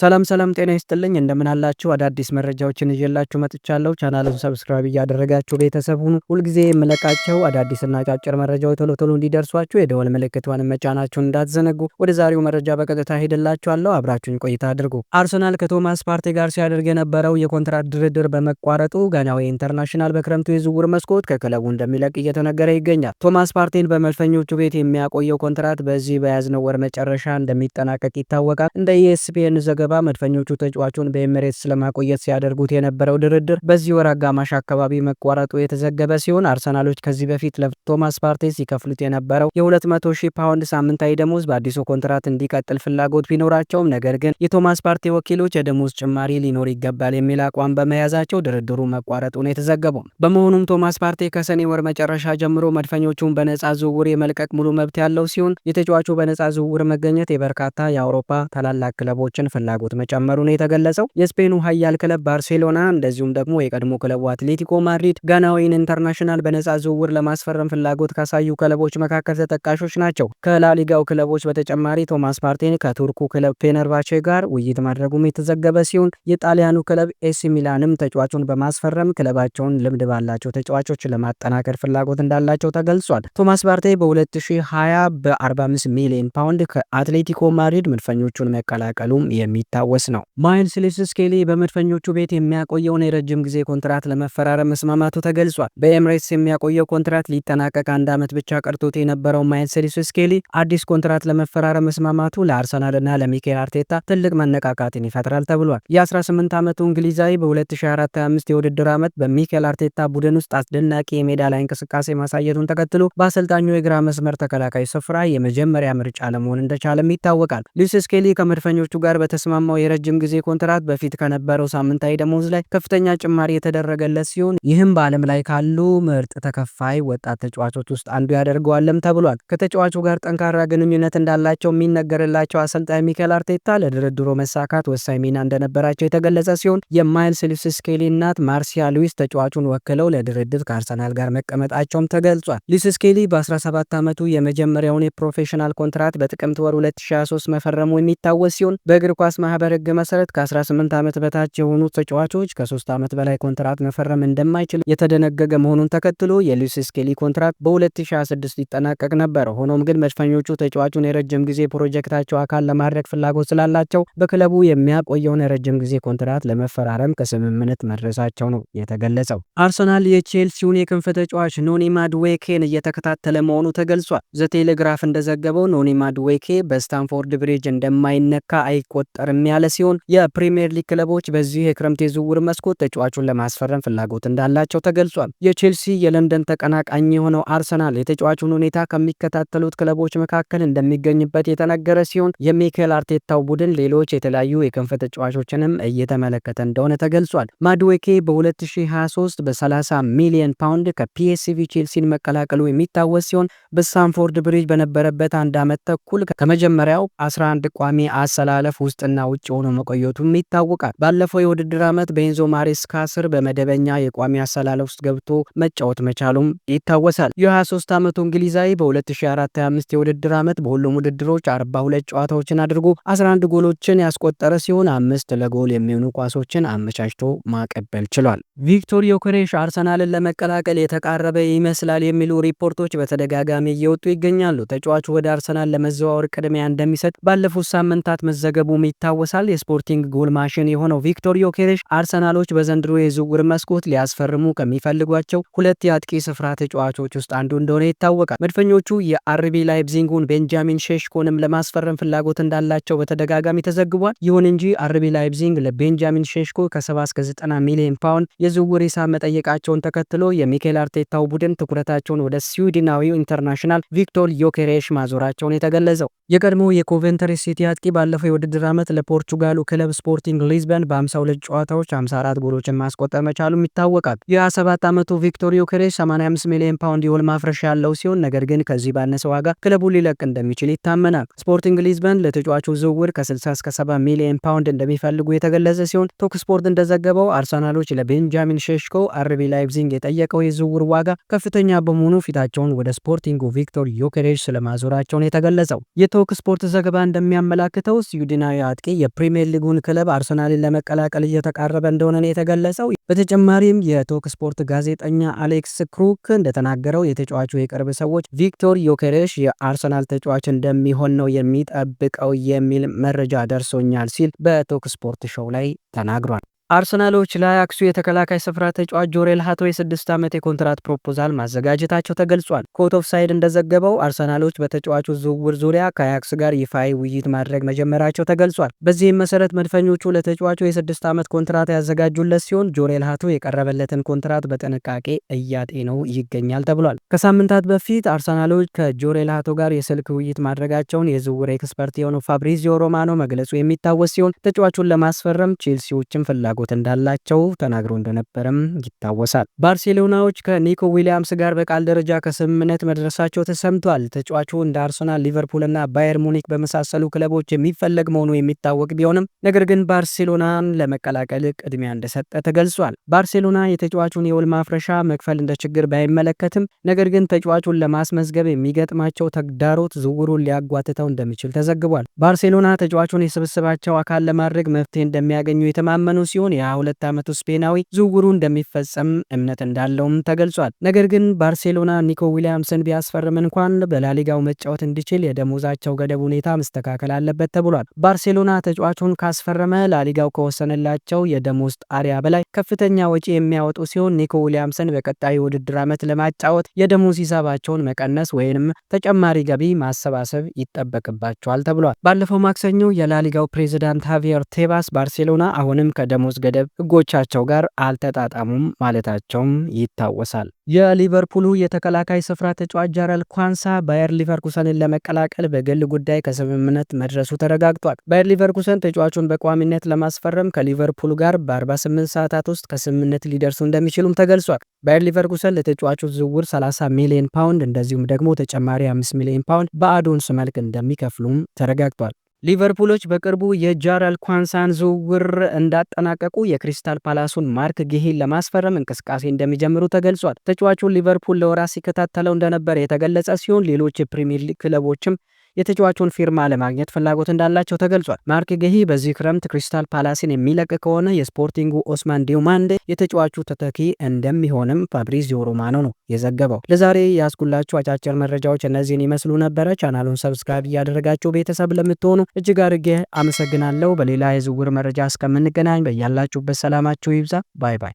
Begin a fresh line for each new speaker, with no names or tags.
ሰላም ሰላም ጤና ይስጥልኝ እንደምን አላችሁ? አዳዲስ መረጃዎችን ይዤላችሁ መጥቻለሁ። ቻናሉን ሰብስክራይብ እያደረጋችሁ ቤተሰብ ሁኑ። ሁልጊዜ የምለቃቸው አዳዲስና ጫጭር መረጃዎች ቶሎ ቶሎ እንዲደርሷችሁ የደወል ምልክቷን መጫናችሁን እንዳትዘነጉ። ወደ ዛሬው መረጃ በቀጥታ ሄድላችኋለሁ። አብራችሁን ቆይታ አድርጉ። አርሰናል ከቶማስ ፓርቴ ጋር ሲያደርግ የነበረው የኮንትራት ድርድር በመቋረጡ ጋናዊ ኢንተርናሽናል በክረምቱ የዝውውር መስኮት ከክለቡ እንደሚለቅ እየተነገረ ይገኛል። ቶማስ ፓርቴን በመድፈኞቹ ቤት የሚያቆየው ኮንትራት በዚህ በያዝነው ወር መጨረሻ እንደሚጠናቀቅ ይታወቃል። እንደ ኢኤስፒኤን ዘገ ሳይገባ መድፈኞቹ ተጫዋቹን በኤምሬትስ ለማቆየት ሲያደርጉት የነበረው ድርድር በዚህ ወር አጋማሽ አካባቢ መቋረጡ የተዘገበ ሲሆን አርሰናሎች ከዚህ በፊት ለቶማስ ፓርቴ ሲከፍሉት የነበረው የ200 ሺ ፓውንድ ሳምንታዊ ደሞዝ በአዲሱ ኮንትራት እንዲቀጥል ፍላጎት ቢኖራቸውም ነገር ግን የቶማስ ፓርቴ ወኪሎች የደሞዝ ጭማሪ ሊኖር ይገባል የሚል አቋም በመያዛቸው ድርድሩ መቋረጡን የተዘገበው። በመሆኑም ቶማስ ፓርቴ ከሰኔ ወር መጨረሻ ጀምሮ መድፈኞቹን በነፃ ዝውውር የመልቀቅ ሙሉ መብት ያለው ሲሆን የተጫዋቹ በነፃ ዝውውር መገኘት የበርካታ የአውሮፓ ታላላቅ ክለቦችን ፍላጎት ፍላጎት መጨመሩ ነው የተገለጸው። የስፔኑ ኃያል ክለብ ባርሴሎና እንደዚሁም ደግሞ የቀድሞ ክለቡ አትሌቲኮ ማድሪድ ጋናዊን ኢንተርናሽናል በነጻ ዝውውር ለማስፈረም ፍላጎት ካሳዩ ክለቦች መካከል ተጠቃሾች ናቸው። ከላሊጋው ክለቦች በተጨማሪ ቶማስ ፓርቴን ከቱርኩ ክለብ ፌነርባቼ ጋር ውይይት ማድረጉም የተዘገበ ሲሆን የጣሊያኑ ክለብ ኤሲ ሚላንም ተጫዋቹን በማስፈረም ክለባቸውን ልምድ ባላቸው ተጫዋቾች ለማጠናከር ፍላጎት እንዳላቸው ተገልጿል። ቶማስ ፓርቴ በ2020 በ45 ሚሊዮን ፓውንድ ከአትሌቲኮ ማድሪድ መድፈኞቹን መቀላቀሉም የሚ የሚታወስ ነው። ማይልስ ሌዊስ ስኬሊ በመድፈኞቹ ቤት የሚያቆየውን የረጅም ጊዜ ኮንትራት ለመፈራረም መስማማቱ ተገልጿል። በኤምሬትስ የሚያቆየው ኮንትራት ሊጠናቀቅ አንድ ዓመት ብቻ ቀርቶት የነበረው ማይልስ ሌዊስ ስኬሊ አዲስ ኮንትራት ለመፈራረም መስማማቱ ለአርሰናል እና ለሚኬል አርቴታ ትልቅ መነቃቃትን ይፈጥራል ተብሏል። የ18 ዓመቱ እንግሊዛዊ በ2024/25 የውድድር ዓመት በሚኬል አርቴታ ቡድን ውስጥ አስደናቂ የሜዳ ላይ እንቅስቃሴ ማሳየቱን ተከትሎ በአሰልጣኙ የግራ መስመር ተከላካይ ስፍራ የመጀመሪያ ምርጫ ለመሆን እንደቻለም ይታወቃል። ሉዊስ ስኬሊ ከመድፈኞቹ ጋር በተስማ የተስማማው የረጅም ጊዜ ኮንትራት በፊት ከነበረው ሳምንታዊ ደሞዝ ላይ ከፍተኛ ጭማሪ የተደረገለት ሲሆን ይህም በዓለም ላይ ካሉ ምርጥ ተከፋይ ወጣት ተጫዋቾች ውስጥ አንዱ ያደርገዋልም ተብሏል። ከተጫዋቹ ጋር ጠንካራ ግንኙነት እንዳላቸው የሚነገርላቸው አሰልጣኝ ሚካኤል አርቴታ ለድርድሮ መሳካት ወሳኝ ሚና እንደነበራቸው የተገለጸ ሲሆን የማይልስ ሉዊስ ስኬሊ እናት ማርሲያ ሉዊስ ተጫዋቹን ወክለው ለድርድር ከአርሰናል ጋር መቀመጣቸውም ተገልጿል። ሉዊስ ስኬሊ በ17 ዓመቱ የመጀመሪያውን የፕሮፌሽናል ኮንትራት በጥቅምት ወር 2023 መፈረሙ የሚታወስ ሲሆን በእግር ኳስ ማህበር ህግ መሰረት ከ18 ዓመት በታች የሆኑ ተጫዋቾች ከ3 ዓመት በላይ ኮንትራት መፈረም እንደማይችል የተደነገገ መሆኑን ተከትሎ የሉዊስ ስኬሊ ኮንትራት በ2026 ሊጠናቀቅ ነበር። ሆኖም ግን መድፈኞቹ ተጫዋቹን የረጅም ጊዜ ፕሮጀክታቸው አካል ለማድረግ ፍላጎት ስላላቸው በክለቡ የሚያቆየውን የረጅም ጊዜ ኮንትራት ለመፈራረም ከስምምነት መድረሳቸው ነው የተገለጸው። አርሰናል የቼልሲውን የክንፍ ተጫዋች ኖኒ ማድዌኬን እየተከታተለ መሆኑ ተገልጿል። ዘቴሌግራፍ እንደዘገበው ኖኒ ማድዌኬ በስታንፎርድ ብሪጅ እንደማይነካ አይቆጠርም ከርም ያለ ሲሆን የፕሪምየር ሊግ ክለቦች በዚህ የክረምት የዝውውር መስኮት ተጫዋቹን ለማስፈረም ፍላጎት እንዳላቸው ተገልጿል። የቼልሲ የለንደን ተቀናቃኝ የሆነው አርሰናል የተጫዋቹን ሁኔታ ከሚከታተሉት ክለቦች መካከል እንደሚገኝበት የተነገረ ሲሆን የሚካኤል አርቴታው ቡድን ሌሎች የተለያዩ የክንፍ ተጫዋቾችንም እየተመለከተ እንደሆነ ተገልጿል። ማድዌኬ በ2023 በ30 ሚሊዮን ፓውንድ ከፒኤስቪ ቼልሲን መቀላቀሉ የሚታወስ ሲሆን በስታንፎርድ ብሪጅ በነበረበት አንድ ዓመት ተኩል ከመጀመሪያው 11 ቋሚ አሰላለፍ ውስጥና ውጭ ሆኖ መቆየቱም ይታወቃል። ባለፈው የውድድር ዓመት በኤንዞ ማሬስካ ስር በመደበኛ የቋሚ አሰላለፍ ውስጥ ገብቶ መጫወት መቻሉም ይታወሳል። የ23 ዓመቱ እንግሊዛዊ በ2024/25 የውድድር ዓመት በሁሉም ውድድሮች 42 ጨዋታዎችን አድርጎ 11 ጎሎችን ያስቆጠረ ሲሆን አምስት ለጎል የሚሆኑ ኳሶችን አመቻችቶ ማቀበል ችሏል። ቪክቶር ዮኬሬሽ አርሰናልን ለመቀላቀል የተቃረበ ይመስላል የሚሉ ሪፖርቶች በተደጋጋሚ እየወጡ ይገኛሉ። ተጫዋቹ ወደ አርሰናል ለመዘዋወር ቅድሚያ እንደሚሰጥ ባለፉት ሳምንታት መዘገቡም ይታወ ይታወሳል። የስፖርቲንግ ጎል ማሽን የሆነው ቪክቶር ዮኬሬሽ አርሰናሎች በዘንድሮ የዝውውር መስኮት ሊያስፈርሙ ከሚፈልጓቸው ሁለት የአጥቂ ስፍራ ተጫዋቾች ውስጥ አንዱ እንደሆነ ይታወቃል። መድፈኞቹ የአርቢ ላይፕዚንጉን ቤንጃሚን ሼሽኮንም ለማስፈረም ፍላጎት እንዳላቸው በተደጋጋሚ ተዘግቧል። ይሁን እንጂ አርቢ ላይፕዚንግ ለቤንጃሚን ሼሽኮ ከ70 እስከ 90 ሚሊዮን ፓውንድ የዝውውር ሂሳብ መጠየቃቸውን ተከትሎ የሚኬል አርቴታው ቡድን ትኩረታቸውን ወደ ስዊድናዊው ኢንተርናሽናል ቪክቶር ዮኬሬሽ ማዞራቸውን የተገለጸው የቀድሞ የኮቬንተሪ ሲቲ አጥቂ ባለፈው የውድድር ዓመት ለፖርቹጋሉ ክለብ ስፖርቲንግ ሊዝበን በ52 ጨዋታዎች 54 ጎሎችን ማስቆጠር መቻሉም ይታወቃል። የ27 ዓመቱ ቪክቶሪዮ ዮኬሬስ 85 ሚሊዮን ፓውንድ የውል ማፍረሻ ያለው ሲሆን ነገር ግን ከዚህ ባነሰ ዋጋ ክለቡ ሊለቅ እንደሚችል ይታመናል። ስፖርቲንግ ሊዝበን ለተጫዋቹ ዝውውር ከ60 እስከ 70 ሚሊዮን ፓውንድ እንደሚፈልጉ የተገለጸ ሲሆን ቶክ ስፖርት እንደዘገበው አርሰናሎች ለቤንጃሚን ሼሽኮ አርቢ ላይፕዚንግ የጠየቀው የዝውውር ዋጋ ከፍተኛ በመሆኑ ፊታቸውን ወደ ስፖርቲንጉ ቪክቶር ዮኬሬስ ስለማዞራቸውን የተገለጸው የቶክ ስፖርት ዘገባ እንደሚያመላክተው ስዊድናዊ አጥቂ አጥቂ የፕሪምየር ሊጉን ክለብ አርሰናልን ለመቀላቀል እየተቃረበ እንደሆነ ነው የተገለጸው። በተጨማሪም የቶክ ስፖርት ጋዜጠኛ አሌክስ ክሩክ እንደተናገረው የተጫዋቹ የቅርብ ሰዎች ቪክቶር ዮኬሬሽ የአርሰናል ተጫዋች እንደሚሆን ነው የሚጠብቀው የሚል መረጃ ደርሶኛል ሲል በቶክ ስፖርት ሾው ላይ ተናግሯል። አርሰናሎች ለአያክሱ የተከላካይ ስፍራ ተጫዋች ጆሬል ሃቶ የስድስት ዓመት የኮንትራት ፕሮፖዛል ማዘጋጀታቸው ተገልጿል። ኮት ኦፍ ሳይድ እንደዘገበው አርሰናሎች በተጫዋቹ ዝውውር ዙሪያ ከአያክስ ጋር ይፋዊ ውይይት ማድረግ መጀመራቸው ተገልጿል። በዚህም መሰረት መድፈኞቹ ለተጫዋቹ የስድስት ዓመት ኮንትራት ያዘጋጁለት ሲሆን ጆሬል ሃቶ የቀረበለትን ኮንትራት በጥንቃቄ እያጤነው ይገኛል ተብሏል። ከሳምንታት በፊት አርሰናሎች ከጆሬል ሃቶ ጋር የስልክ ውይይት ማድረጋቸውን የዝውውር ኤክስፐርት የሆነው ፋብሪዚዮ ሮማኖ መግለጹ የሚታወስ ሲሆን ተጫዋቹን ለማስፈረም ቼልሲዎችን ፍላ ፍላጎት እንዳላቸው ተናግሮ እንደነበረም ይታወሳል። ባርሴሎናዎች ከኒኮ ዊሊያምስ ጋር በቃል ደረጃ ከስምምነት መድረሳቸው ተሰምቷል። ተጫዋቹ እንደ አርሰናል፣ ሊቨርፑል እና ባየር ሙኒክ በመሳሰሉ ክለቦች የሚፈለግ መሆኑ የሚታወቅ ቢሆንም ነገር ግን ባርሴሎናን ለመቀላቀል ቅድሚያ እንደሰጠ ተገልጿል። ባርሴሎና የተጫዋቹን የውል ማፍረሻ መክፈል እንደ ችግር ባይመለከትም ነገር ግን ተጫዋቹን ለማስመዝገብ የሚገጥማቸው ተግዳሮት ዝውውሩን ሊያጓትተው እንደሚችል ተዘግቧል። ባርሴሎና ተጫዋቹን የስብስባቸው አካል ለማድረግ መፍትሄ እንደሚያገኙ የተማመኑ ሲሆን ሲሆን የ22 ዓመቱ ስፔናዊ ዝውውሩ እንደሚፈጸም እምነት እንዳለውም ተገልጿል። ነገር ግን ባርሴሎና ኒኮ ዊሊያምስን ቢያስፈርም እንኳን በላሊጋው መጫወት እንዲችል የደሞዛቸው ገደብ ሁኔታ መስተካከል አለበት ተብሏል። ባርሴሎና ተጫዋቹን ካስፈረመ ላሊጋው ከወሰነላቸው የደሞዝ ጣሪያ በላይ ከፍተኛ ወጪ የሚያወጡ ሲሆን ኒኮ ዊሊያምስን በቀጣይ ውድድር ዓመት ለማጫወት የደሞዝ ሂሳባቸውን መቀነስ ወይንም ተጨማሪ ገቢ ማሰባሰብ ይጠበቅባቸዋል ተብሏል። ባለፈው ማክሰኞ የላሊጋው ፕሬዚዳንት ሃቪየር ቴባስ ባርሴሎና አሁንም ከደሞዝ የደሞዝ ገደብ ህጎቻቸው ጋር አልተጣጣሙም ማለታቸውም ይታወሳል። የሊቨርፑሉ የተከላካይ ስፍራ ተጫዋች ጃረል ኳንሳ ባየር ሊቨርኩሰንን ለመቀላቀል በግል ጉዳይ ከስምምነት መድረሱ ተረጋግጧል። ባየር ሊቨርኩሰን ተጫዋቹን በቋሚነት ለማስፈረም ከሊቨርፑል ጋር በ48 ሰዓታት ውስጥ ከስምምነት ሊደርሱ እንደሚችሉም ተገልጿል። ባየር ሊቨርኩሰን ለተጫዋቹ ዝውውር 30 ሚሊዮን ፓውንድ እንደዚሁም ደግሞ ተጨማሪ 5 ሚሊዮን ፓውንድ በአዶንስ መልክ እንደሚከፍሉም ተረጋግጧል። ሊቨርፑሎች በቅርቡ የጃራል ኳንሳን ዝውውር እንዳጠናቀቁ የክሪስታል ፓላሱን ማርክ ጊሂን ለማስፈረም እንቅስቃሴ እንደሚጀምሩ ተገልጿል። ተጫዋቹ ሊቨርፑል ለወራት ሲከታተለው እንደነበር የተገለጸ ሲሆን ሌሎች የፕሪሚየር ሊግ ክለቦችም የተጫዋቹን ፊርማ ለማግኘት ፍላጎት እንዳላቸው ተገልጿል። ማርክ ገሂ በዚህ ክረምት ክሪስታል ፓላሲን የሚለቅ ከሆነ የስፖርቲንጉ ኦስማን ዲዮማንዴ የተጫዋቹ ተተኪ እንደሚሆንም ፋብሪዚዮ ሮማኖ ነው የዘገበው። ለዛሬ ያስኩላችሁ አጫጭር መረጃዎች እነዚህን ይመስሉ ነበረ። ቻናሉን ሰብስክራይብ እያደረጋችሁ ቤተሰብ ለምትሆኑ እጅግ አድርጌ አመሰግናለሁ። በሌላ የዝውውር መረጃ እስከምንገናኝ በያላችሁበት ሰላማችሁ ይብዛ። ባይ ባይ።